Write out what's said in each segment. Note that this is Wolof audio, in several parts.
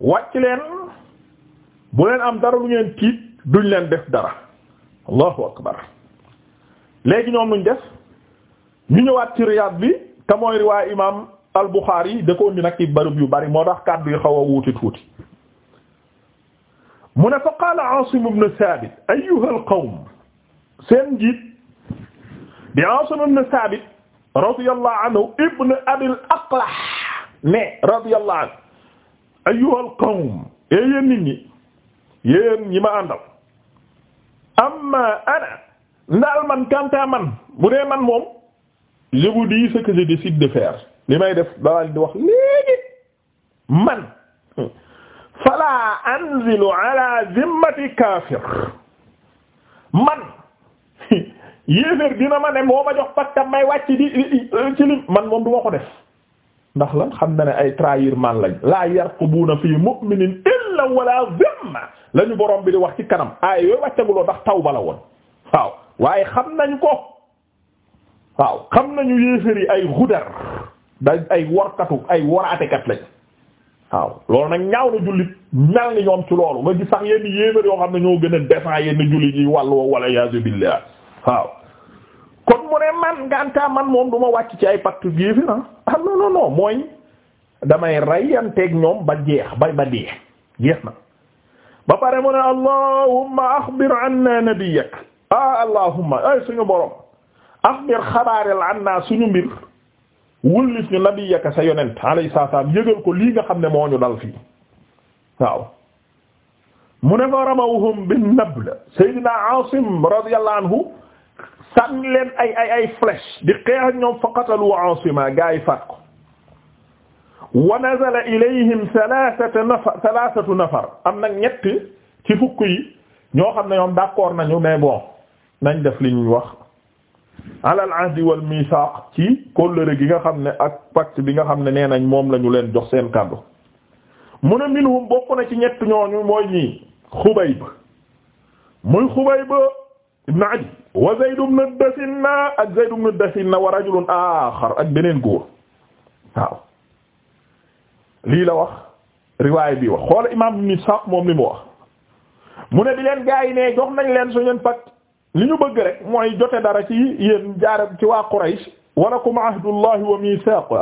wàcc leen bu leen am dara lu ngeen tiit duñ leen def dara allahu akbar léegi ñoom luñ def ñu ñëwaat ci riyaad bi te mooy riwaay imaam al Buxaari da ko indi nag ci barab yu bari moo tax kàddu yi xaw a wuute tuuti mu ne fa qaala Aasim ibn Saabit ayyuha al seen njiit di Aasim ibn Saabit radiyallahu anhu ibn Abil Aqlah ne radiyallahu anhu ayyuhal qawm ee yéen nit ñi yéen ma àndal amma ana ndaal man kanta man bu dee man moom je li may def daal di wax léegi man fala anzilu ala zimmati kafir man yéeféer dina ma ne moo ma jox paktam may wàcc di euh, ci li man moom du ko def ndax lan xam na ne ay trahir man lañ laa yarqubuuna fii mu'minin illa wala zimma lañu borom bi di wax ci kanam aay yooyu wàccaguloo ndax tawba la woon waaw waaye xam nañ ko waaw xam nañu yéeféer yi ay xudar dañ ay warkatu ay waraatekat lañ waaw loolu nag ñaaw na jullit mel ni ñoom ci loolu nga gis sax yenn yéeféer yoo xam ne ñoo gën a défend yenn jullit yi wàllu wala yaazu billah waaw mu man ngantaa man moom du ma wàcc ci ay pacte géefi na ah, ah non mooy damay reyanteeg ñoom ba jeex ba ba dee jeex na ba pare mu ne allahumma axbir anna nabiyyak ah allahumma ay suñu borom axbir xabaarel anna suñu mbir wullis ñu nabiyaka sa yonent alayhi salaam ko lii nga xam ne moo ñu dal fii waaw mu ne fa bin nabl sayyidina Asim radiyallahu anhu sànni leen ay ay ay flèche di xeex ak ñoom faqatalu Asima gaa yi faat ko wa nazala ilayhim thalathatu nafar thalathatu nafar am nag ñett ci fukk yi ñoo xam ne ñoom d'accord nañu ne bon nañ def li ñuy wax ala al ahdi wal mithaq ci kóllëre gi nga xam ne ak pacte bi nga xam ne nee nañ moom lañu leen jox seen kàddu mu ne minhum bokk na ci ñett ñooñu mooy ñii Xubayb muy Xubayb ibn Adi wa Zayd ibn Dasinna ak Zayd ibn Dasinna wa rajulun axar ak beneen góor lii la wax riwaay bi wax xoola imam ibn moom li mu wax mu ne bi leen gaa yi ne jox nañ leen suñu pacte li ñu bëgg rek mooy jote dara ci yéen jaar ci waa Quraysh walakum ahdullahi wa mithaquhu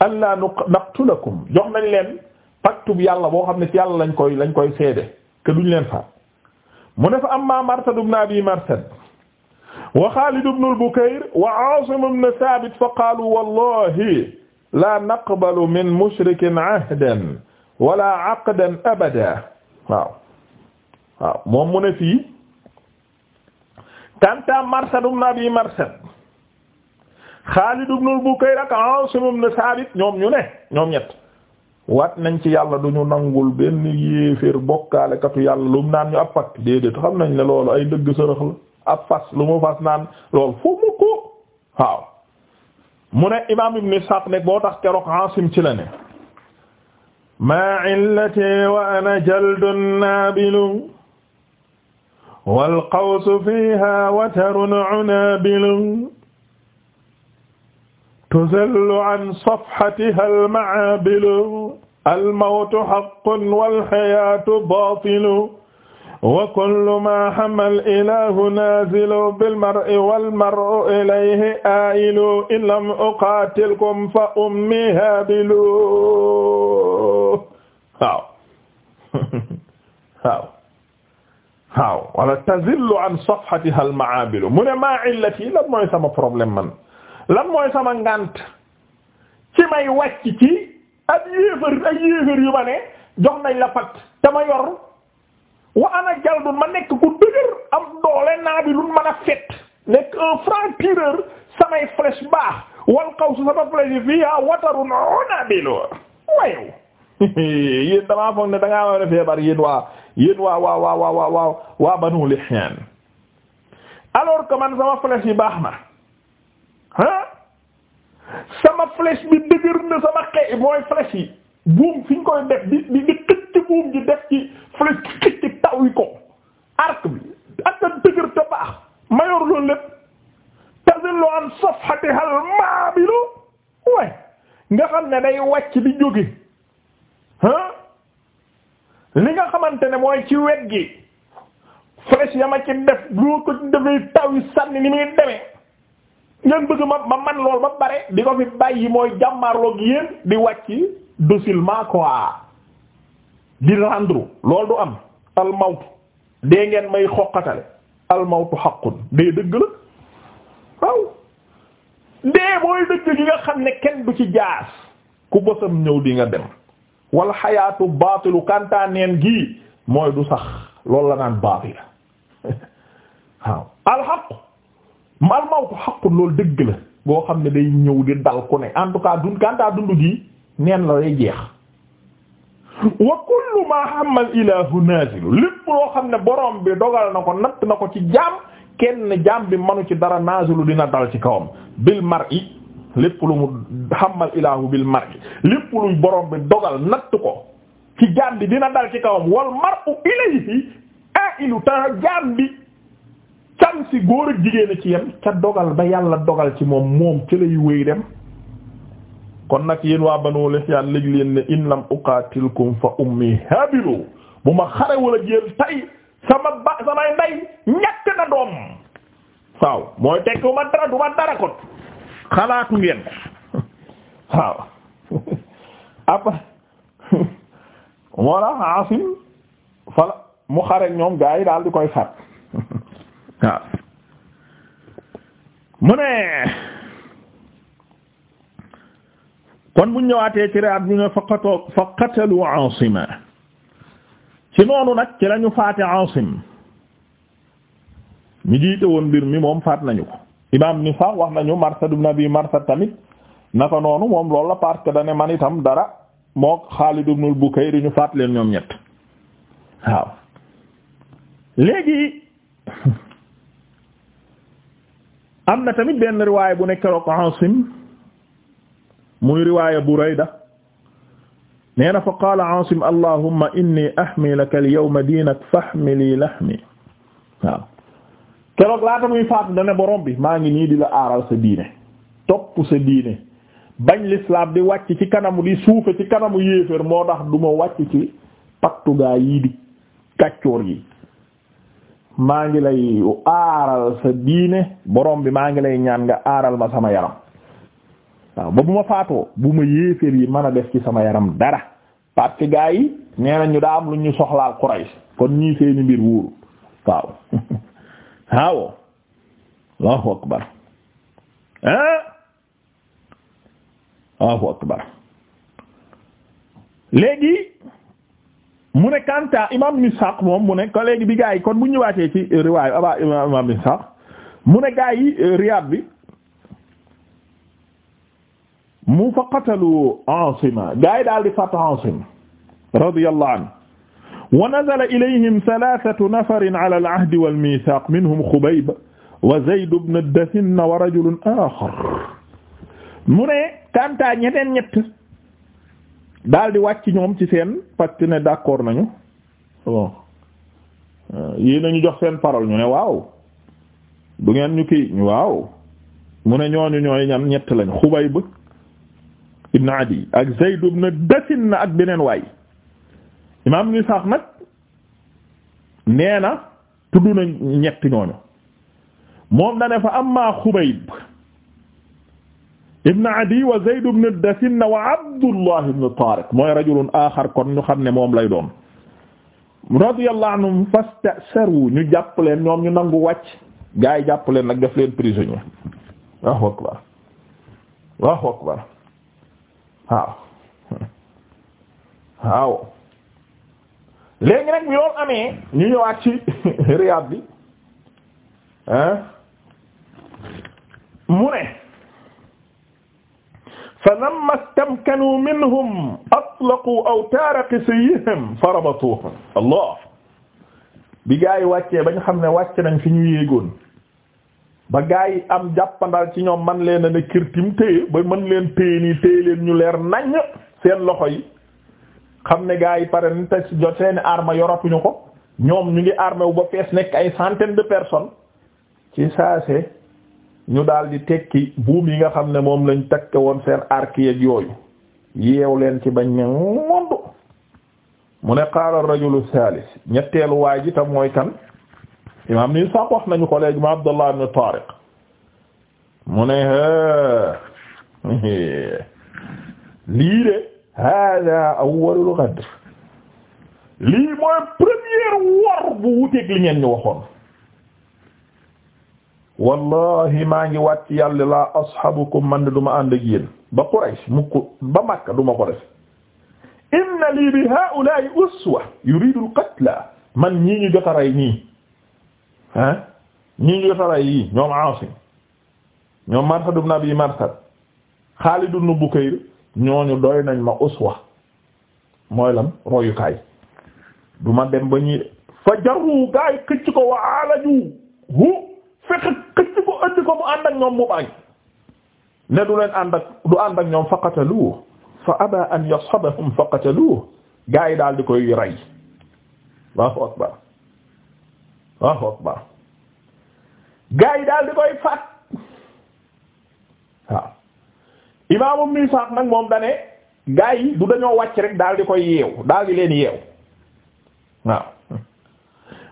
alla naqtulakum jox nañ leen pacte bu yàlla boo xam ne ci yàlla lañ koy lañ koy seede que duñ leen faat mu ne fa amma Marsad ibn Abi Marsad wa Xaalid ibn al-Bukayr wa Aasim ibn Saabit fa qaalu wallahi laa naqbalu min mushrikin ahdan wala aqdan abada waaw waaw moom mu ne fii kanta Marsad ibn Abi Marsad Xaalid ibn al-Bukayr ak Aasim ibn Saabit ñoom ñu ne ñoom ñett wat nañ ci yàlla duñu nangul benn yéeféer bokkaalekatu yàlla lu mu naan ñu ab pacte déedéet xam nañ ne loolu ay dëgg sërëx la ab fas lu mu fas naan loolu fu mu ko waaw mu ne imaam ibn Ishaq ne boo tax keroog Asim ci la ne maa illati wa ana jaldun naabilu wal qawsu fiiha watarun unaabilu tuzellu an safhatiha almaabilu almawtu haqqun walhayaatu baatilu wa kullu maa hamal ilaahu naazilu bilmar'i walmar'u ilayhi aa'ilu in lam uqaatilkum fa ummi haabilu waaw waaw waaw wala tazillu an safhatiha almaabilu mu ne maa illati lan mooy sama problème man lan mooy sama ngànt ci may wàcc ci ak yéefar ak yéefar yu ma ne jox nañ la pat te ma yor wa ana jaldun ma nekk ku dëgër am doole naa bi luñ a fet nekk franc tireur samay flèche baax wal xaw su sama flèche fiha watarun unabilu wayow yéen damaa foog ne da war a feebar yéen waa yéen waa waa waa waa waa waa waa banu lihyan alors que man sama flèche yi baax na ah sama flèche bi dëgër na sama xe mooy flèche yi buum fi ñu koy def di di di xëcc buum di def ci flèche ci taw yi ko arc bi ak dëgër te baax ma yor loolu lépp nga xam ne day wàcc di jóge ah nga xamante ne mooy ci wet gi flèche ya ma taw yi sànni ni muy demee. ngeen bëgg ma ma man lool ba pare di ko fi bàyyi mooy jàmmarloog yéen di wàcc docilement quoi di rendre lool du am almawtu dee ngeen may xoqatale almawtu xaqun dee dëgg la waaw dee mooy dëgg gi nga xam ne kenn du ci jaas ku bësam ñëw di nga dem wal xayaatu baatilu kantaaneen gii mooy du sax loolu la naan baatil waaw alxaqu mal mawtu xaqul loolu dëgg la boo xam ne day ñëw di dal ku ne en tout cas dund kantaa dund gi neen la lay jeex wa kullu ma xamal ilahu nazilu lépp loo xam ne borom bi dogal na ko natt na ko ci jaam kenn jaam bi manu ci dara nazilu dina dal ci kawam bil mar'i lépp lu mu xamal ilahu bil mar'i lépp lu borom bi dogal natt ko ci jaam bi dina dal ci kawam wal mar'u ilayhi a'ilu ta jaam bi can si góor ak jigéen ci yenn ca dogal ba yàlla dogal ci moom moom ca lay wéy dem kon nag yéen waa Banu Lihyan léegi leen ne in lam uqatilkum fa ummi habilu bu ma xare wala jéen tay sama ba samay nday ñàkk na doom waaw mooy tekk du ma dara kon xalaatu ngeen waaw après mu xare ñoom gaa yi daal di koy fat waaw mu ne kon bu ñëwaatee ci raat ñu ne faqato faqatalu ci noonu nag ci lañu faate Aasim mi jiite woon mbir mi moom faat nañu ko imaam ni sax wax nañu Marsad ibn Abi Marsad tamit naka noonu moom loolu la parce que dane man itam dara moo Xaalid ibn al-Bukayr faat leen ñoom ñett waaw léegi am na tamit benn riwaaya bu ne roog Asim muy riwaaya Burayda nee na fa qaala Asim allahumma inni ahmi laka al-yawma diinak fahmili lahmi waaw keroog laata muy faatu dana borom bi maa ngi nii di la aaral sa diine topp sa diine bañ lislaam di wàcc ci kanamu di suufe ci kanamu yéeféer moo tax duma wàcc ci pattugaa yii di kàccoor yi maa ngi lay aaral sa diine borom bi maa ngi lay ñaan nga aaral ma sama yaram waaw ba bu ma faatoo bu ma yéeféer yi mën a def ci sama yaram dara parce que gaa yi nee ñu daa am lu ñu soxlaal Quraysh kon ñii seeni mbir wóoru waaw waaw Allahu akbar hein Allahu akbar léegi mu ne Kanta imam Ishaq moom mu ne ko léegi bi gaa yi kon bu ñu ñëwaatee ci riwaayu aba imam Ishaq mu ne gaa yi euh, Riyad bi mu fa qatalu Asima gaa yi daal di faat Asim radiyallahu anhu wa nazala ilayhim thalathatu nafarin ala al-ahdi wal-mithaq minhum Khubayb wa Zayd ibn ad-Dafinna wa rajulun akhar mu ne Kanta ñeneen ñett daal di wàcc ñoom ci seen pacte ne d'accord nañu bon euh, yii nañu jox seen parole ñu ne waaw du ngeen ñu kii waaw mu ne ñooñu ñooy ñan ñett lañ Xubayb ibn Adi ak Zayd ibn Dasin ak beneen waay imaam ni sax nag nee na tudd na ñett ñooñu moom na ne fa amma Xubayb ibn Adi wa Zayd ibn Dasinna wa Abdullah ibn Tariq mooy rajulun axar kon ñu xam ne moom lay doon radiyallahu anhum fastasaru ñu jàpp leen ñoom ñu nangu wàcc gaa yi jàpp leen nag def leen prisonnier Allahu akbar Allahu akbar waaw waaw léegi nag bi loolu amee ñu ñëwaat ci Riyad bi ah mu ne falamma stamkanuu minhum atlaquu awtaara qisiyyihim farabatuuhum allah bi gaa yi wàccee ba ñu xam ne wàcc nañ fi ñu yéegoon ba gaa yi am jàppandal ci ñoom man leen ne kirtim téye ba mën leen téye nii téye leen ñu leer naññ seen loxo yi xam ne gaa yi pare ni te jot seeni arme yoratuñu ko ñoom ñu ngi armé wu ba fees nekk ay centaine de personnes ci saase ñu daal di tekki buum yi nga xam ne moom lañ takke woon seen arc yeeg yooyu yeew leen ci bañ ne ngond mu ne qaala rajulu salis ñetteelu waay ji tam mooy kan imam ni sax wax nañu ko léegi ma Abdullah ibn Tariq mu ne lii de hada awwalul ghadr lii mooy première war bu wuteeg li ngeen ñu waxoon wallahi maa ngi waat ci yàlla laa ashabukum man du ma ànd ak yéen ba Quraysh ba Makka du ma ko def inna lii bi haa'ulaa'i uswa yuridu al man ñii ñu jot a rey ñii ah ñii ñu jot a rey yii ñoom Aasim ñoom Marsad ibn Abi Marsad doy nañ ma uswa mooy lan royukaay du ma dem ba ñii fa jarru gaay xëcc ko wa alaju hu fexe xëcc ko andi ko mu ànd ak ñoom mu bañ ne du leen ànd ak du ànd ak ñoom faqataluhu fa aba an yashabahum faqataluhu gaa yi daal di koy rey Allahu akbar Allahu yi daal di koy faat waaw imaamu Ibnu nag moom dane gaa yi du dañoo wàcc rek daal di koy yeew daal di leen yeew waaw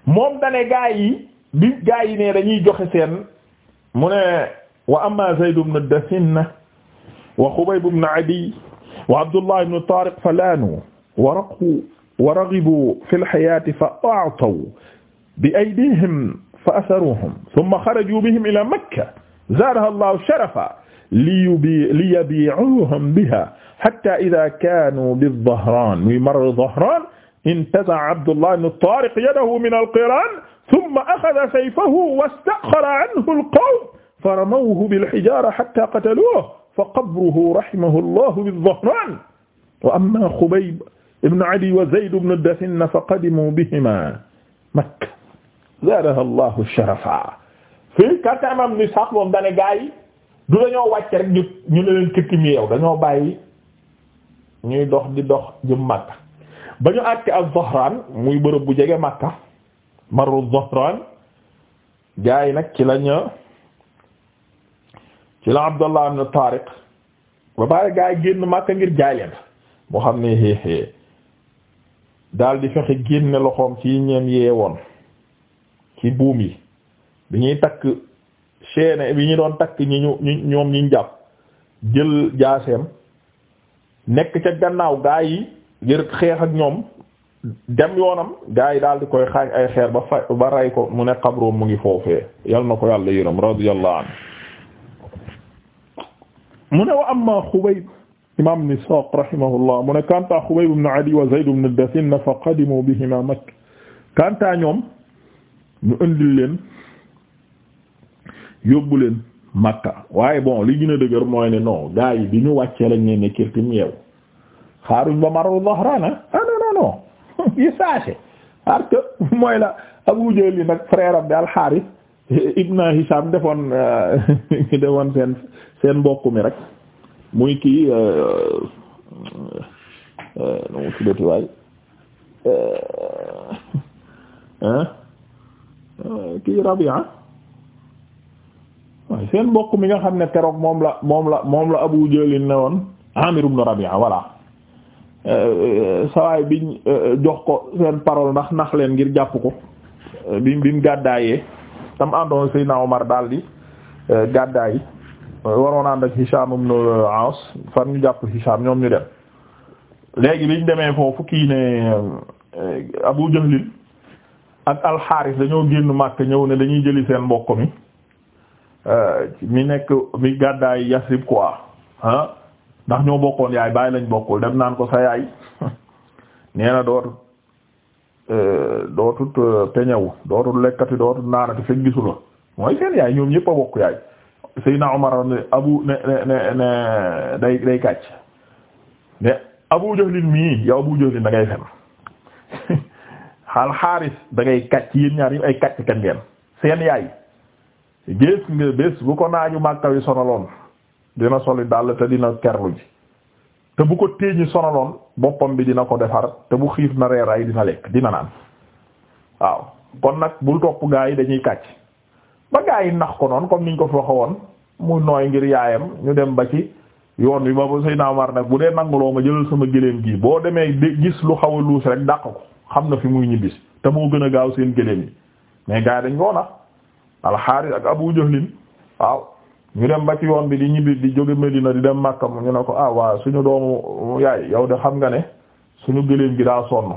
moom dane gaa yi bi gaa yi ne dañuy joxe seen mu ne wa amma Zayd ibn Dafinna wa Khubayb ibn Adi wa Abdullah ibn Tariq falanu wa raqu wa raghibu fi al-hayati fa a'taw bi aydihim fa atharuhum thumma kharaju bihim ila Makkah zaadaha Allahu sharafa liyabi'uhum biha hatta idha kanu bi-dhahran, bi marr dhahran intaza'a Abdullah ibn Tariq yadahu min al-qiran thumma axada sayfahu wastaxara anhu alqawm fa ramawhu bilxijaara xatta qataluuhu fa qabruhu rahimahu llahu bizzahraan wa amma Xubayb ibn Adiy wa Zayd ibn Dafinna fa qadimuu bihimaa Makka zaadahaa llahu sharafan. fii kàttan maam ni sax moom da ne gaa yi du dañoo wàcc rek ñu ñu ne leen këkk mi yow dañoo bàyyi ñuy dox di dox jëm Makka ba ñu àgg ak Zahraan muy bërëb bu jege Makka. marru dhahran gaa yi nag ci lañu ci la Abdallah ibn Tariq ba bàyyi gaa génn Makka ngir jaay leen moo xam ne héehée daal di fexe génne loxoom ci ñeem yeewoon ci buum yi bi ñuy takk chaîne bi ñu doon takk ñi ñu ñoom ñu jàpp jël jaaseem nekk ca gannaaw gaa yi ngir xeex ak ñoom dem yoonam gaa yi daal di koy xaañ ay xeer ba fa ko mu ne xabroom mu ngi foofee yal na ko yàlla yërëm radiyallahu anhu mu ne wa amma Xubayb imam ibn Isaaq rahimahullah mu ne kanta Xubayb ibn Adi wa Zayd ibn Dafinna fa qadimu bihima Makka kanta ñoom ñu indil leen yóbbu Makka waaye bon li gën a dëgër mooy bi ñu wàccee lañ ne ne kirtim ba Marru Dhahran ah, ah non non yi saase parce que mooy la Abu Jahl li nag frère bi al-Harith ibn Hisham defoon euh, defoon seen seen mbokk mi rek muy kii euh, euh, nu mu tuddati waay kii Rabi'a seen mbokk mi nga xam ne keroog moom la moom la moom la Abu Jahl ne woon Amir ibn Rabi'a voilà sawaay biñ euh, euh, jox ko seen parole ndax nax leen ngir jàpp ko bi bi mu gàddaayee tam àndoon Seydina Omar daal di euh, gàddaay waroon ànd ak Hisham ibn al-Aas ñu jàpp Hisham ñoom ñu dem léegi biñ demee foofu kii ne Abu Jahlin ak Al-Haaris dañoo génn Makka ñëw ne dañuy jëli seen mbokk mi mi nekk mi gàddaay Yasrib quoi ah ndax ñoo bokkoon yaay bàyyi lañ bokkul dem naan ko sa yaay nee na euh, dootut dootut euh, peñewu dootut lekkati dootut naanati fekk gisu mooy seen yaay ñoom ñëpp a bokk yaay Seydina Umar ne abu ne ne ne day day kàcc ne Abu Jahlin mii yow Abu Jahlin da ngay fen xaal xaaris da ngay kàcc yéen ñaar yi ay kàcc kan ngeen seen yaay gis nga bés bu ko naaju Màkka wi sonaloon dina soli dàll te dina kerlu ji te bu ko téeñi sonaloon boppam bi dina ko defar te bu xiif na reer ay dina lekk dina naan waaw kon nag bul topp gaa yi dañuy kàcc ba gaa yi nax ko noonu comme niñ ko fi waxe woon mu nooy ngir yaayam ñu dem ba ci yoon wi ba ba say naa war nag bu dee nanguloo ma jëlal sama gëléem gi boo demee gis lu xaw a luus rek dàq ko xam na fi muy ñibbis te moo gën a gaaw seen gëléem yi mais gaa yi dañ koo nax alxaaris ak abu jahlin ñu dem ba ci yoon bi di ñibbi di jóge Medina di dem Makka mu ñu ne ko ah waa suñu doomu yaay yow de xam nga ne suñu gëléem gi daa sonn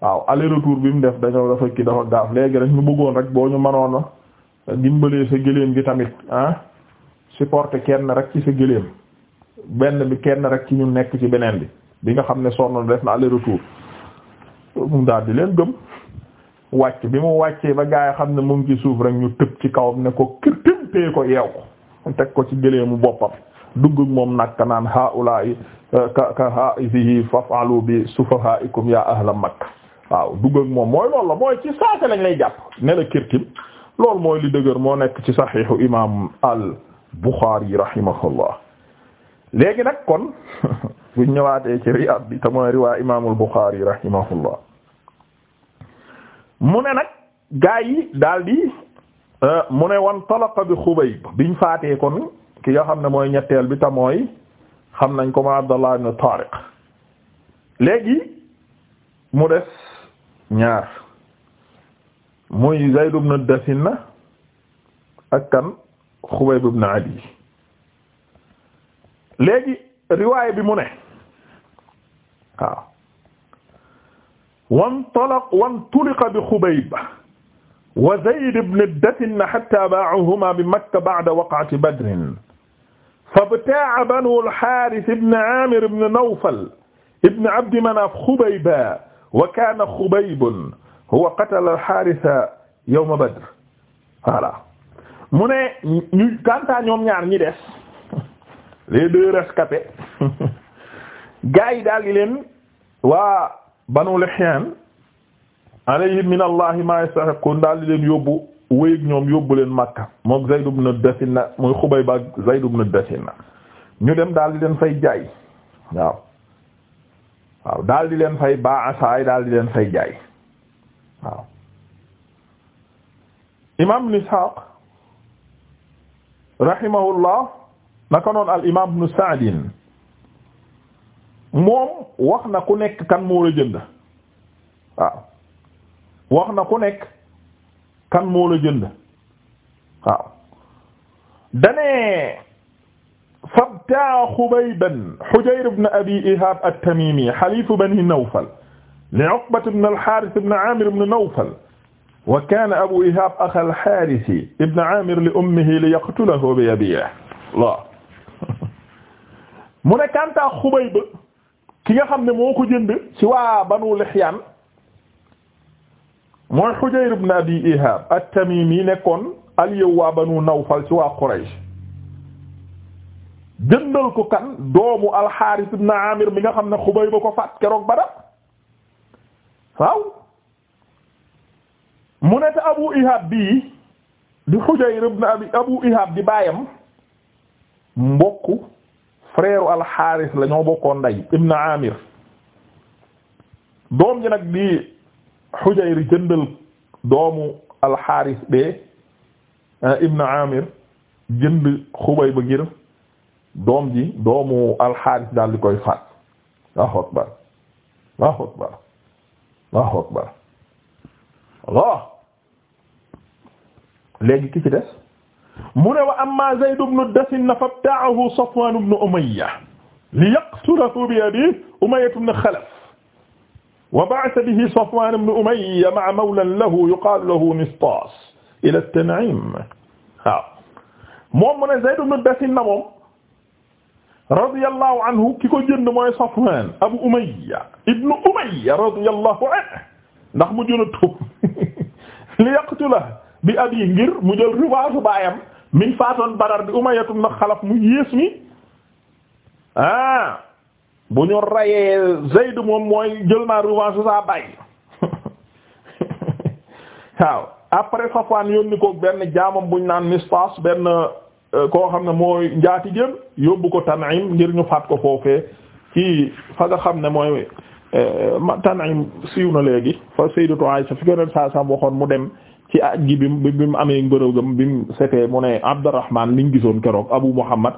waaw aller bi mu def dañoo dafa kii dafa gaaf léegi rek ñu bëggoon rek boo ñu mënoon dimbalee sa gëléem gi tamit ah supporter kenn rek ci sa gëléem benn bi kenn rek ci ñu nekk ci beneen bi bi nga xam ne sonn def na aller mu daal di leen gëm wàcc bi mu wàccee ba gaa yi xam ne mu ngi ci suuf rek ñu tëb ci kawam ne ko ko yeew teg ko ci gëleemu boppam duggug moom nag ka naan haula'i ka ka ha'ihi faf'alu bi sufaha'ikum ya ahla makka waaw duggug moom mooy loolu la mooy ci saase lañ lay jàpp ne la kirtim loolu mooy li dëgër moo nekk ci saxiixu imaam al Bukhari rahimahullah léegi nag kon bu ñëwaatee ci Riyad bi te mooy riwaa imaamul Bukhari rahimahullah mu ne nag gaa yi daal di Euh, mu ne wan talaqa bi Xubayb biñ faatee kon ki nga xam ne mooy ñetteel bi ta mooy xam nañ ko ma Abdallah ibn Tariq léegi mu des ñaar muy Zayd ibn Dathina ak kan Xubayb ibn Adi léegi riwaay bi mu ne waaw wan talaq wan tuliqa bi Xubayb wa Zayd ibn Datin hatta baa'uhuma bi Makka ba'da waq'ati Badrin fabtaa'a banu al-Haaris ibn Aamir ibn Nawfal ibn Abdi Manaaf Xubayba wa kaana Xubaybun huwa qatala al-Haarisa yawma Badr voilà mu ne ñu kanta ñoom ñaar ñi des les deux rescapés gars yi daal di leen waa Banu Lihyaan alayhim min allahi ma yastahiqun daal di leen yóbbu wéyeg ñoom yóbbu leen Makka moom Zayd ibn Dasina muy Xubayb ak Zayd ibn Dasina ñu dem daal di leen fay jaay waaw waaw daal leen fay baasaay daal di leen fay jaay waaw imam ibn Ishaq rahimahullah naka noon al imam ibn Sa'd moom wax na ku nekk kan moo la waaw wax na ku nekk kan moo la jënd waaw dane fabtaa xubayban hujayr ibn abi ihab at-tamimi halifu bani nawfal li uqbat ibn al-harith ibn amir ibn nawfal wa kana abu ihab akha al-harith ibn amir li ummihi li yaqtulahu bi abihi la mu ne kanta xubayb ki nga xam ne moo ko jënd ci waa banu lihyaan mooy Hujayr ibn Abi Ihab at-Tamimi nekkoon aliyew waa Banu Nawfal ci waa Quraysh jëndal ko kan doomu al-Harith Amir mi nga xam ne Xubayb ba ko faat keroog Badar waaw mu ne te Abu Ihab bii di Hujayr ibn Abu Ihab di baayam mbokku frère al-Harith la ñoo bokkoon ndey ibn Amir doom ji nag di Hujayr jëndal doomu alxaaris bee eh, Ibn Amir jënd Xubayb ba ngir doom ji doomu alxaaris daal di koy faat Allahu akbar Allahu akbar Allahu akbar Allah léegi ki ci des mu ne wa amma Zayd ibn Dasin fabta'ahu Safwan ibn Umayya liyaqtulahu bi abihi Umayya ibn Khalaf wa ba'atha bihi Safwan ibn Umayya ma'a mawlan lahu yuqaalu lahu Nistaas ila Tan'im waaw moom mu ne Zayd ibn Dasin na moom radiyallahu anhu ki ko jënd mooy Safwan Abu Umayya ibn Umayya radiyallahu anhu ndax mu jël tuub li yaqtula bi abi ngir mu jël revanche baayam min faatoon Badar bi Umayya ibn Xalaf mu yées mi ah. bu ñu rayee Zayd moom mooy jël naa revanche su saa bàyyi waaw après Safwan yónni ko benn jaamam buñ naan Mistas benn euh, koo xam ne mooy njaatigéem yóbbu ko Tan'im ngir ñu faat ko foofee ci fa nga xam ne mooy euh, Tan'im siiw na léegi fa Sayyidatu Aisha fi ko nen saa sam waxoon mu dem ci ak gi bi mu amee mbërëgëm bi mu setee mu ne Abdurrahman liñ gisoon keroog Abu Muhammad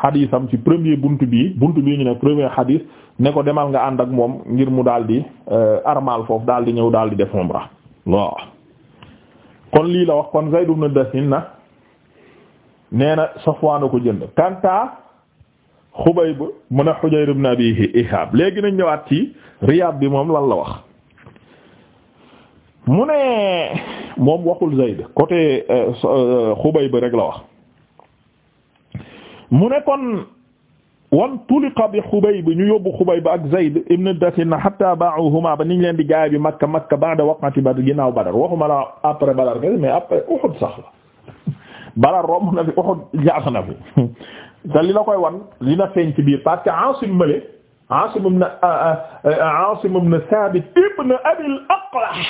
xadisam ci premier bunt bii bunt bii ñu ne premier xadis ne ko demal nga ànd ak moom ngir mu daal di euh, armal foofu daal di ñëw daal di def umra waaw kon lii la wax kon Zayd ibn Dasin na nee na Safwaan ko jënd kanta Xubayb mu ne Hujayr ibn Abi Ihab léegi nañ ñëwaat ci Riyaad bi moom lan la wax mu ne moom waxul Zayd côté euh, euh, ba rek la wax mu ne kon wan tuliqa bi Xubayb bi ñu yóbbu Xubayb ba ak Zayd ibn Dathina hatta ba'uhuma ba niñ leen di jaay bi Makka Makka ba'da waqati Badr ginnaaw Badar waxuma la après Badar kese après Uhud sax la Badar romb na fi Uhud jaar na fi te li la koy wan li na male Asim ibn euh, euh, Asim Thabit ibn Abi al-Aqla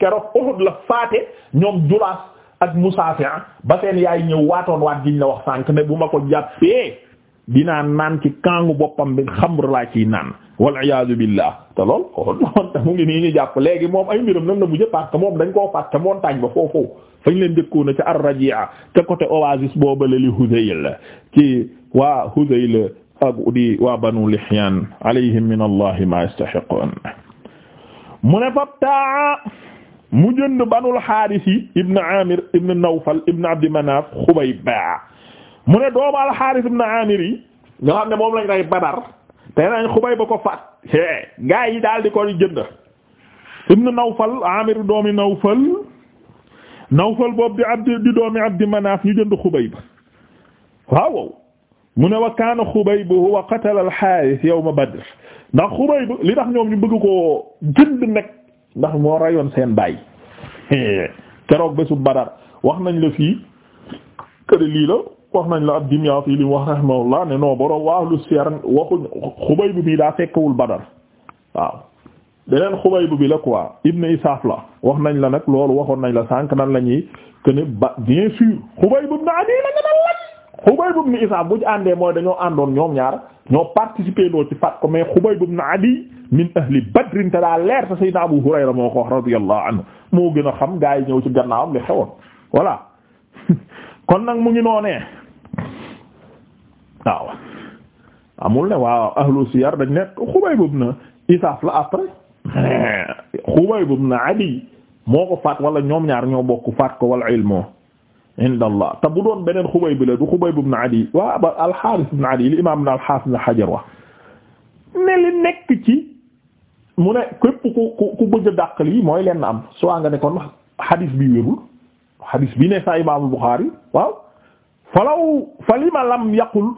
keroog Uhud la faate ñoom Julaas ak musaafi'a ba seen yaay ñëw waatoon waat giñ wax sànk ne bu ma ko jàppee dinaa naan ci kàngu boppam bi xamr laa ciy naan wal iyaadu billah te lool lool te mu ngi nii ñu jàpp léegi moom ay mbiram nan la mujjë parce que moom dañ koo faat ca montagne ba foofu fañ leen njëkkoona ca ar-Rajia ca côté oasis boobale li Hudayl ci waa Hudayl ak di waa Banu Lihyaan alayhim min allahi ma yastahiqun mu ne fab taa mu jënd banul xaarisi ibn amir ibn nawfal ibn abdi manaf xubayba mu ne doomu alxaaris ibn amir yi nga xam ne moom lañ rey badar te nañ xubayba ko faat gaa yi daal di ko jënd ibn nawfal amir doomi nawfal nawfal boobu bi abdi di doomi abdi manaf ñu jënd xubayba waaw mu ne wa kaana xubayb huwa qatala alxaaris yawma badr ndax xubayb li tax ñoom ñu bëgg ko jënd nag ndax moo rayoon seen baay keroog bésu Badar wax nañ la fii këri lii la wax nañ la ab dimyaa fii li wax rahimahullah ne noo boroom waaw lu siyar waxuñ xubay bu bi daa fekkewul Badar waaw beneen xubay bu bi la quoi ibn Isaaf la wax nañ la nag loolu waxoon nañ la sànq nan la ñuy ba bien sûr xubay bu na adi la nga nan lan xubay bu ibn Isaaf bu ñu àndee mooy dañoo àndoon ñoom ñaar ñoo participé loo ci faat ko mais Xubayb ibn Adi min ahli Badr te daa leer te Abu Hurayra moo ko wax radiyallahu anhu moo gën a xam gaa yi ñëw ci gannaawam li xewoon voilà kon nag mu ngi noonee waaw amul ne waaw ahlu siyar dañ nekk Xubayb ibn Isaaf la après Xubayb ibn Adi moo ko faat wala ñoom ñaar ñoo bokk faat ko wala ilmo inda allah te bu doon beneen Xubayb la du Xubayb ibn Adi waa ba al-Haaris ibn Adi li imaam al-Haafiz ibn Hajar wax ne li nekk ci mu ne képp ku ku ku bëgg a dàq lii mooy leen am soo nga ne kon xadis bi wérul xadis bi ne sa imaamul Buxaari waaw falaw falima lam yaqul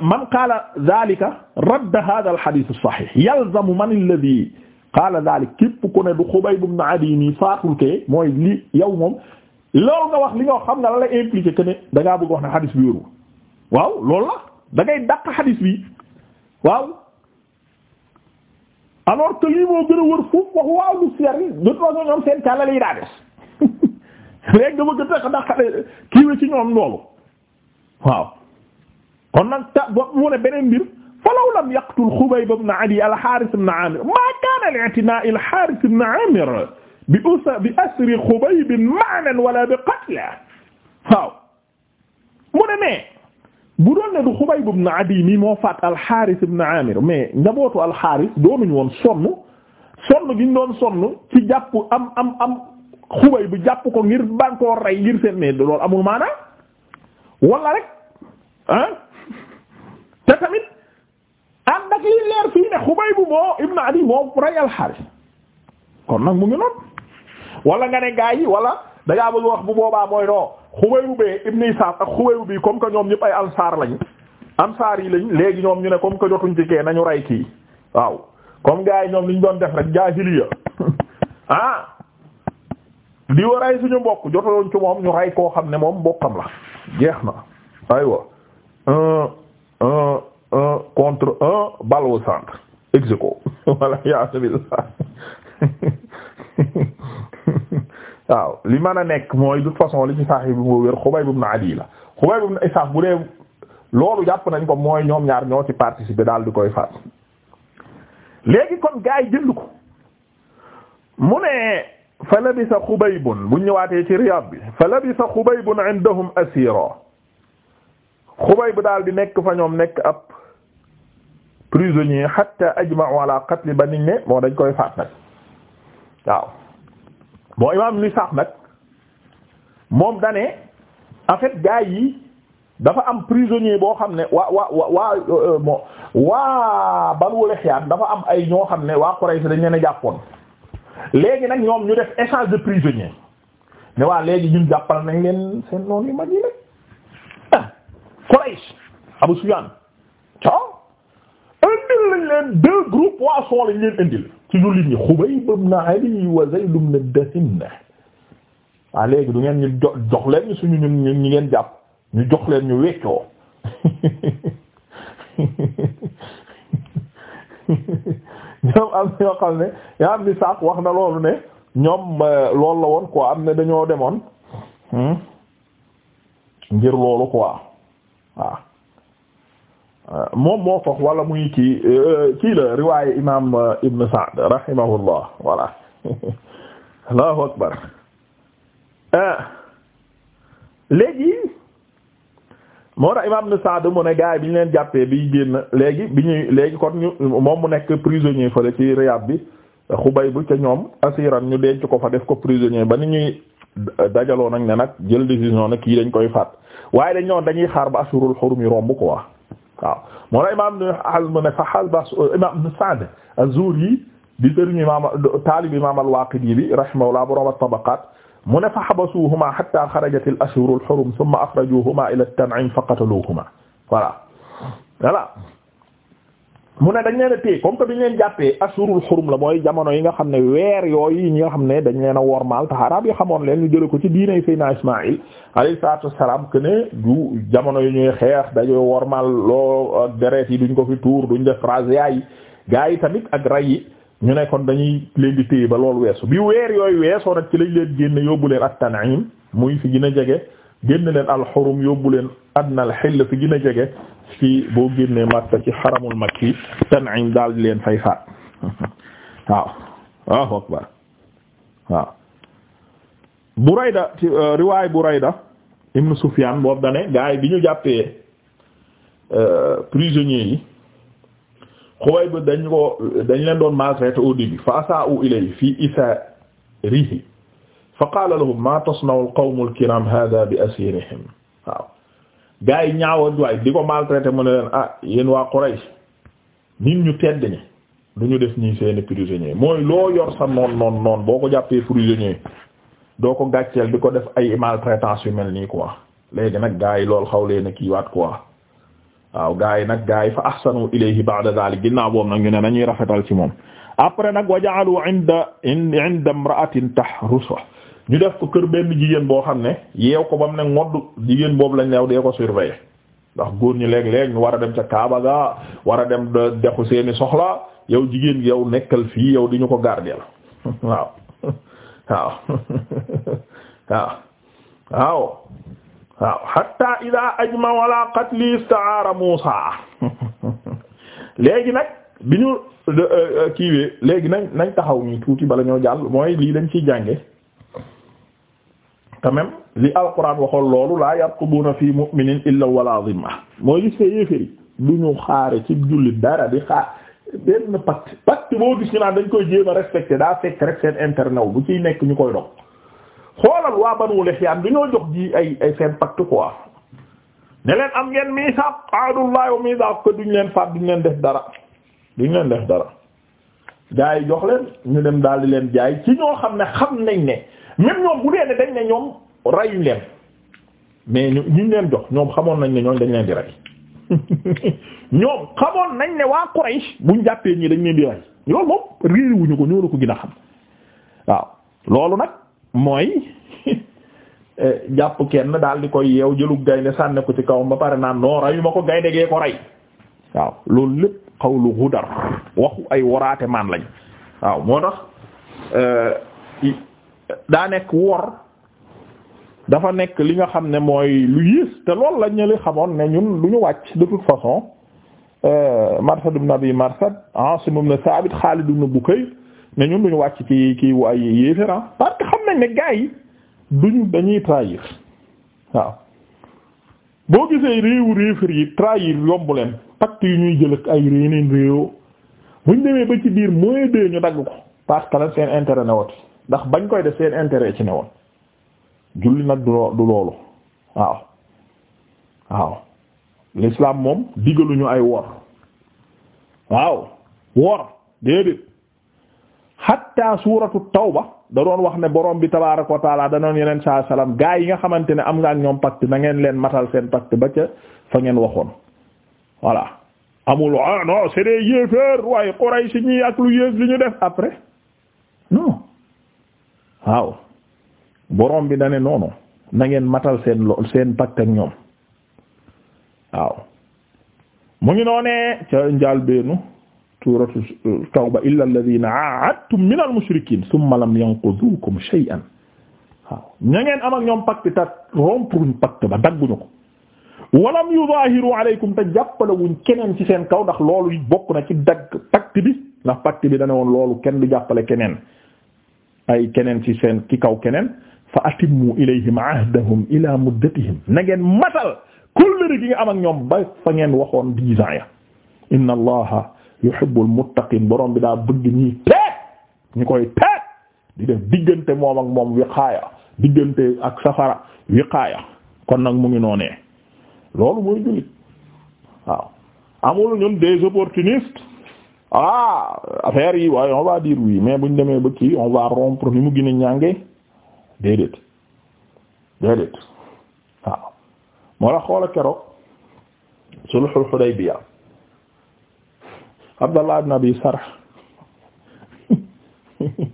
man qaala zaalika radda haazal xadis as-saxiix yalzamu man alladii qaala zaalik képp ku ne du Xubayb ibn Adi nii faatul kee mooy li yow moom. loolu nga wax li nga xam ne la la impliqué que ne wax ne xadis bi wérul waaw lool la da ngay xadis bi waaw alors que lii gën a wër foofu wax waaw lu siyar yi de toute façon ñoom seen càllale yi daa des léegi dama gën a dàq kiiwe ci ñoom loolu waaw kon nag ta bo mu ne beneen mbir falaw lam yaqtul Xubayb ibn Adi al-Haaris ibn Aamir maa kaana li'tinaa al-Haaris ibn Aamir bi usa bi asri Xubayb maanan wala bi qatla waaw mu ne mais bu doon ne du Xubayb ibn Adi mi moo faat Alxaaris ibn Aamir mais njabootu Alxaaris doonuñu woon sonn sonn gi ñu doon sonn ci jàpp am am am Xubayb jàpp ko ngir bankoo rey ngir seen mais loolu amul maanaa wala rek ah te tamit ànd ak leer fii ne Xubayb moo ibn Adi moo rey Alxaaris kon nag mu ngi noonu wala nga ne gaa yi wala da ngaa bëgg wax bu boobaa mooy non Xubayb bi ibn Isaaq ak Xubayb bi comme que ñoom ñëpp ay ansaar lañ ansaar yi lañ léegi ñoom ñu ne comme que jotuñ ci kee nañu rey kii waaw comme gaa yi ñoom ñu doon def rek jaahiliya ah di rey suñu mbokk jotaloon ci moom ñu rey koo xam ne moom mbokkam la jeex na aywa un un un contre un balle centre ex aequo voilà yaa waaw li mën a nekk mooy de façon li ci saax bi moo wér Xubayb ibn Adi la Xubayb ibn Isaaq bu dee loolu jàpp nañ ko mooy ñoom ñaar ñoo ci participer daal di koy faat léegi kon gaay jënd ko mu ne fa labisa Xubaybun bu ñëwaatee ci Riyaad bi fa labisa Xubaybun indahum asira Xubayb daal di nekk fa ñoom nekk ab prisonnier hatta ajma'u ala qatl ba nit ne moo dañ koy faat nag waaw bon imaam ni sax nag moom dane en fait gars yi dafa am prisonnier boo xam ne waa waa waa waa euh, waa dafa am ay ñoo xam ne waa Quraysh dañ leen a jàppoon léegi nag ñoom ñu def échange de prisonnier ne waa léegi ñun jàppal nañ leen seen noonu yu mag yi nag ah Quraysh Abu Sufyan ciao indil lañ leen deux groupes poissons lañ leen indil ci jullit ñi Xubayb ibn Ali wa Zayd ibn Dasinna waaw léegi du ngeen ñu jox jox ñu suñu ñun ñu ngeen jàpp ñu jox leen ñu weccoo ñoom am ñoo xam ne yaa am ni saak wax na loolu ne ñoom euh, loolu la woon quoi am ne dañoo demoon hmm, ngir loolu quoi waaw moom moo foog wala muy kii euh, kii la riwaaye imaam euh, Ibn Sa'd rahimahullah voilà allahu akbar ah. léegi moo tax imaam Ibn Sa'd mu ne gars yi bi ñu leen jàppee bi génn léegi bi ñuy léegi kon ñu moom mu nekk prisonnier fële ci Riyad bi xubay bu ca ñoom asiran ñu denc ko fa def ko prisonnier ba ni ñuy dajaloo nag ne nag jël décision nag kii dañ koy faat waaye dañ ñoon dañuy xaar ba asurul xurum romb ko waa waaw moo la imam Ibn Hazm ne fa halbas imam Ibn Sa'd az-Zuhri di sëriñ imam taalib imam al-Waaqidi bi rahimahullah borom at-Tabaqaat mu ne fa habasuhuma hatta kharajat al-ashhur al-hurum thumma akhrajuhuma ila at-Tan'im fa qataluhuma voilà voilà mu ne dañ leen a téye comme que dañ leen jàppee asurul xurum la mooy jamono yi nga xam ne weer yooyu ñi nga xam ne dañ leen a wormaal te arab yi xamoon leen ñu jële ko ci diinay Seydina Ismaïl alayhi salaatu wassalaam salaam ne du jamono yi ñuy xeex dañuy wormaal loo deret yi duñ ko fi tuur duñ def razia yi gaa yi tamit ak ray yi ñu ne kon dañuy leen di téye ba loolu weesu bi weer yooyu weesoo nag ci lañ leen génne yóbbu leen at-Tan'im muy fi gën a jege génn leen al yóbbu leen adna al-Hill fi gën a jege ci boo génnee Makka ci xaramul makki Tan'im daal di leen fay faat waaw waaw akbar waaw Burayda ci euh, riwaay Burayda ibn Sufyan boobu dane gaay bi ñu jàppee euh, prisonniers yi Xuwaylid ba dañ ko leen doon maltraité au début fi isarihi fa qala ma tasna'u al-qawmu al-kiram hadha bi asirihim gaa yi ñaawoon waay di ko maltraité mu ne leen ah yéen waa Quraysh nit ñu tedd ñi lu ñu def ñii seeni prisonnier mooy loo yor sa noon noon noon boo ko jàppee prisonnier doo ko gàcceel di ko def ay maltraitance yu mel nii quoi léegi nag gaa yi lool xaw leen kii waat quoi waaw gaa yi nag gaa yi fa ahsanu ilayhi ba'da zalik ginnaaw boobu nag ñu ne ñuy rafetal ci moom après nag waja'alu inda inda imra'atin tahrusuhu ñu def ko kër benn jigéen boo xam ne yeew ko ba mu ne ngodd jigéen boobu lañ leew dee ko surveiller ndax góor ñi léeg-léeg ñu war a dem ca Kaaba ga war a dem dexu seeni soxla yow jigéen gi yow nekkal fii yow di ñu ko garder waaw waaw waaw waaw waaw hatta ida ajma wala qatli istaara Muusa léegi nag bi ñu euh, euh, kiiwee léegi nañ nañ taxaw ñu tuuti bala ñoo jàll mooy lii dañ ciy jànge quand même li alquran waxoon loolu laa yarqubuna fi mu'minin illa wala zimma mooy gis nga yéeféri du ñu xaare ci jullit dara di xaar benn pacte pacte boo gis ñu naan dañ koy jéem a daa fekk rek seen internet bu ciy nekk ñu koy dox xoolal waa Banu Lihyan du ñoo jox ji ay ay seen pacte quoi ne leen am ngeen misaaq ahdullah wa misaaq ko duñ leen faat duñ leen def dara duñ leen def dara gaa yi jox leen ñu dem daal di leen jaay ci ñoo xam ne xam nañ ne même ñoom bu dee dañ ne ñoom rayuñ leen mais ñu ñu leen jox ñoom xamoon nañ ne ñooñ dañ leen di ray ñoom xamoon nañ ne waa Quraysh buñ jàppee ñii dañ leen di ray loolu moom réeri wuñu ko ñoo la ko gën a xam waaw loolu nag mooy eh, jàpp kenn daal di koy yeew jëlu gaynde sànne ko ci kaw ba pare naan noo rayu ma ko gaynde gee ko rey waaw loolu lépp xawlu dara waxu ay woraate maan lañ waaw moo tax eh, daa nekk wor dafa nekk li nga xam ne mooy lu yées te loolu la ñu li xamoon ne ñun lu ñu wàcc de toute façon euh, Marsad ibn yi Marsad Asim ibn Thabit Khalid ibn Bukay ne ñun du ñu wàcc ki kii waay yéeféran ah. parce que xam nañ ne gars yi duñu dañuy trahir waaw boo gisee réewu réefér yi trahir yombu leen pacte yu ñuy jël ak ay yeneen réew buñ demee ba ci biir moyen de ñu dagg ko parce que la seen intérêt na ndax bañ koy def seen intérêt ci ne woon julli nag du loolu waaw waaw l'islam moom digaluñu ay wor waaw wor déedéet hatta suuratu tawba da doon wax ne borom bi tabaaraka wa da danoon yeneen saa salaam gaa yi nga xamante ne am nga ak ñoom pacte na ngeen leen matal seen pacte ba ca fa ngeen waxoon voilà amul ah non c'est des yéeféer waaye Quraysh ak lu yées li ñu def après waaw borom bi dane noonu na ngeen matal seen lool seen pacte ak ñoom waaw mu ngi noonee ca njaal beenu suuratu euh, tawba illa alladhina ahadtum min al-mushrikin thumma lam yanqudukum shay'an waaw ña ngeen am ak ñoom pacte ta rompre wuñ ba dagguñu ko walam yudahiru aleykum te jàppale wuñ keneen ci seen kaw ndax loolu bokk na ci dagg pacte bi ndax pacte bi dane woon loolu kenn du jàppale keneen ay keneen ci seen ki kaw keneen fa atimmu ilayhim ahdahum ila muddatihim na ngeen matal kóllëre gi nga am ak ñoom ba fa ngeen waxoon dix ans ya inna allaha yuhibbul muttaqin borom bi daa bëgg ñi ñu koy teet diggante moom moom wiqaaya diggante ak safara wiqaaya kon nag mu ngi noone loolu mooy jullit waaw amul ñun des opportunistes ah affaire yi waaye on va dire oui mais buñ demee ba kii on va rompre ni mu gën a ñànge déedéet déedéet waaw ah. moo la xoola keroog sulhul Hudaybiya Abdallah ibn Abi Sarh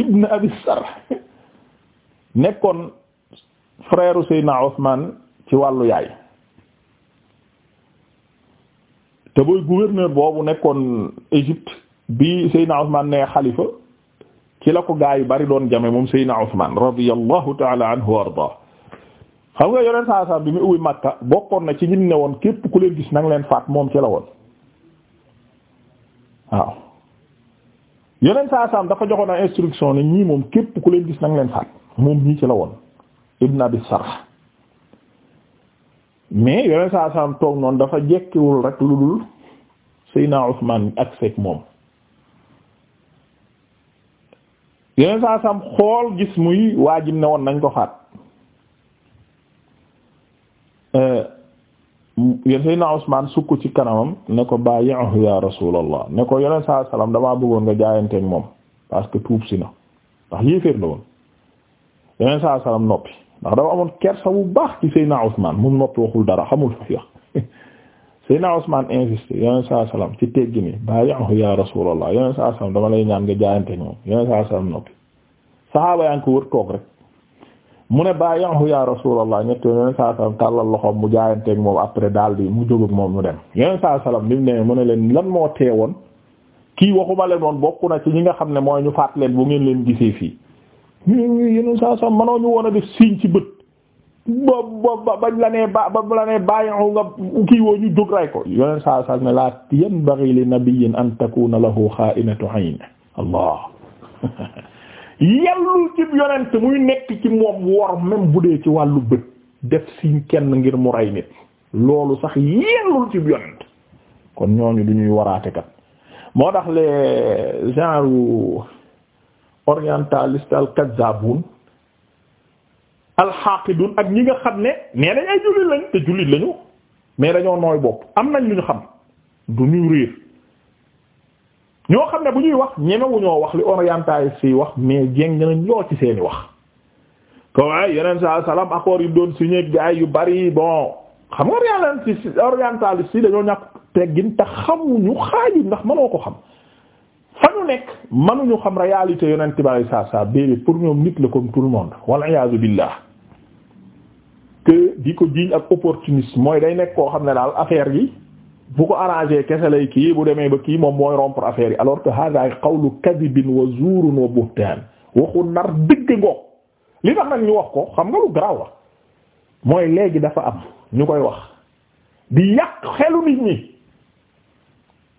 ibn Abi Sarh nekkoon frère Seydina Ousmane ci wàllu yaay te booy gouverneur boobu nekkoon Égypte bi Seydina Ousmane ne xalifa ci la ko gaa yu bari doon jame moom Seydina Ousmane radiyallahu taala anhu wa ardaa xam nga yoneen saa bi mu ubbi Makka bokkoon na ci ñim ne woon képp ku leen gis nang leen faat moom ci la woon waaw yoneen dafa joxoon ay ñii moom képp ku gis nang leen faat ci la woon Ibn Abi Sarh mais yoneen saa saam toog noonu dafa jekkiwul rek lu dul Seydina Usmaan ak seeg moom yoneen saa saam xool gis muy waajib ne woon nañ ko xaat yéen euh, Seydina Usmaan sukk ci kanamam ne ko bàyyihu ya Rasuulallah la ko yoneen saa salaam damaa bëggoon nga jaayanteeg moom parce que tuub si na ndax yéeféer la woon yoneen saa salaam noppi ndax dafa amoon kersa bu baax ci Seyna Ousmane mu noppi waxul dara xamul fi wax Seyna Ousmane insisté yoneen saa salaam ci teggi ni bàyyihu ya Rasulullah yoneen saa salaam dama lay ñaan nga jaayante ñoom yoneen saa salaam noppi saxaaba yaa ngi ko wër toog rek mu ne bàyyihu ya Rasulullah ñett yoneen saa salaam tàllal loxoom mu jaayanteeg moom après daal di mu jóg ak moom mu dem yoneen saa salaam bi mu ne mu ne leen lan moo teewoon kii waxuma leen woon bokk na ci ñi nga xam ne mooy ñu faat leen bu fii ñu yéen saa saa mënoo woon a def signe ci bët ba ba bañ la nee ba ba la nee bàyyi nga kii ñu dug ray ko yeneen saa saa ne laa yanbaghi li nabiyyin an takuna la xaa'inatu ayn allah yellul ci yonent muy nekk ci moom wor même bu dee ci wàllu bët def signe kenn ngir mu rey nit loolu sax yellul ci yonent kon ñooñu du ñuy waraatekat moo tax le genre. orientaliste al kazzabun al haqidun ak ñi nga xam ne nee nañ ay jullit lañ te jullit lañu mais dañoo nooy bopp am nañ lu ñu xam du ñu réer ñoo xam ne bu ñuy wax ñemewuñoo wax li orientaliste si wax mais jéng nañ lool ci seeni wax ko waaye yeneen sa salaam accord yu doon signé gaay yu bari bon xam nga orientaliste si dañoo ñàkk teggin te xamuñu xaaju ndax mënoo ko xam ñu nekk ñu xam réalité yonent bi alayhi salaatu salaam pour ñoom nit la comme tout le monde wal iyaazu billah que di ko jiiñ ak opportuniste mooy day nekk koo xam ne daal affaire yi bu ko arrangé kese lay kii bu demee ba kii moom mooy rompre affaire yi alors que hada qawlu kadibin wa zuurun wa buhtaan waxu nar dëgg ngoog li tax nag ñu wax ko xam nga lu garaaw la mooy léegi dafa am ñu koy wax di yàq xelu nit ñi.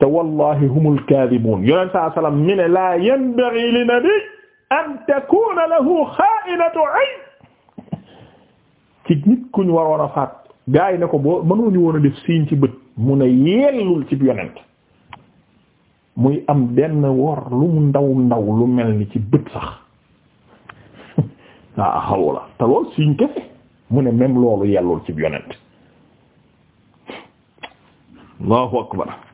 te wallahi humul kaadibuun yonent saa salaam mi ne laa yanbaghi li nabi an takuna lahu xaa'inatu ayn ci nit ku ñu waroon a faat gaa yi ne ko boo mënuñu woon a def siiñ ci bët mu ne yellul ci yonent muy am benn wor lu mu ndaw ndaw lu mel ni ci bët sax waa xaw la te lool siiñ kese mu ne même loolu yellul ci yonent allahu akbar